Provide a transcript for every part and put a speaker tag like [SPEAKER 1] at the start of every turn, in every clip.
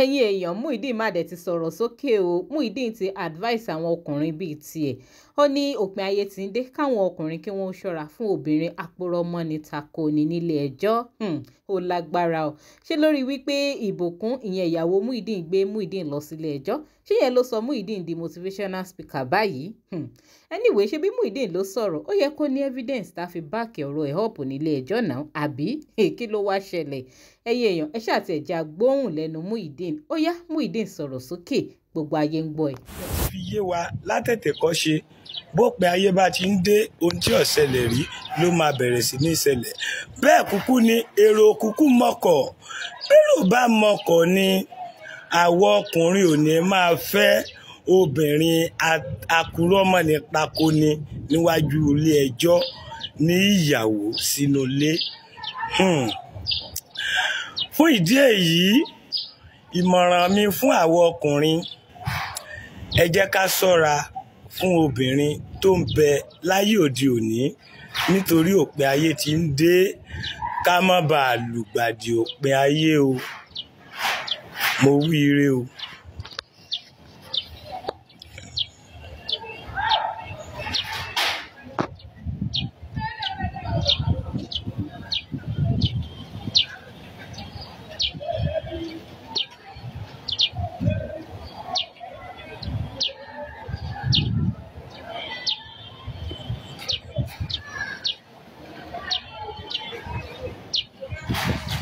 [SPEAKER 1] ẹ̀yin èèyàn Muyideen má dẹ̀ ti sọ̀rọ̀ sókè o Muyideen ti advice àwọn ọkùnrin bíi tiẹ̀ ó ní òpin ayé ti ń dé káwọn ọkùnrin kí wọ́n ṣọ́ra fún obìnrin ni takoni nílé ẹjọ́ hmm, ó lágbára o ṣé lórí wípé ìbùkún ìyẹn ìyàwó Muyideen gbé Muyideen lọ sílé ẹjọ́ ṣé yẹn ló sọ Muyideen di motivational speaker báyìí hmm, anyway ṣé bí Muyideen ló sọ̀rọ̀ ó yẹ kó ní evidence tá a fi báàkì ọ̀rọ̀ ẹ̀ họ́ọ̀pù nílé ẹjọ́ náà àbí kí ló wá ṣẹlẹ̀ ẹ̀yin èèyàn ẹ ṣáà tiẹ̀ já gbóhùn lẹ́nu Muyideen ó yá Muyideen sọ̀rọ̀ sókè gbogbo ayé ń gbọ́ ẹ̀. fi yé wa látètè
[SPEAKER 2] kọ́ ṣe bópin ayé bá ti ń dé ohun tí ó ṣẹlẹ̀ rí ló máa bẹ̀rẹ̀ sí ní ṣẹlẹ̀ bẹ́ẹ̀ kúkú ni èrò kúkú mọ̀kọ̀ bẹ́ẹ̀ ló bá mọ̀kọ̀ ni àwọn ọkùnrin ò ní máa fẹ́ obìnrin akurọ́mọ ní pako ni níwájú ilé ẹjọ́ ní ìyàwó sínú ilé. Hmm fún ìdí èyí ìmọ̀ràn mi fún àwọn ọkùnrin ẹ jẹ́ ká ṣọ́ra fún obìnrin tó ń bẹ láyé òde òní nítorí òpin ayé ti ń dé ká má bàa lùgbàdì òpin ayé o mo wí ire o.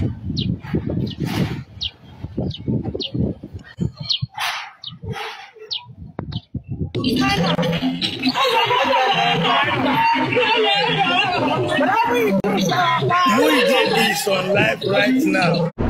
[SPEAKER 2] We did this on live right now.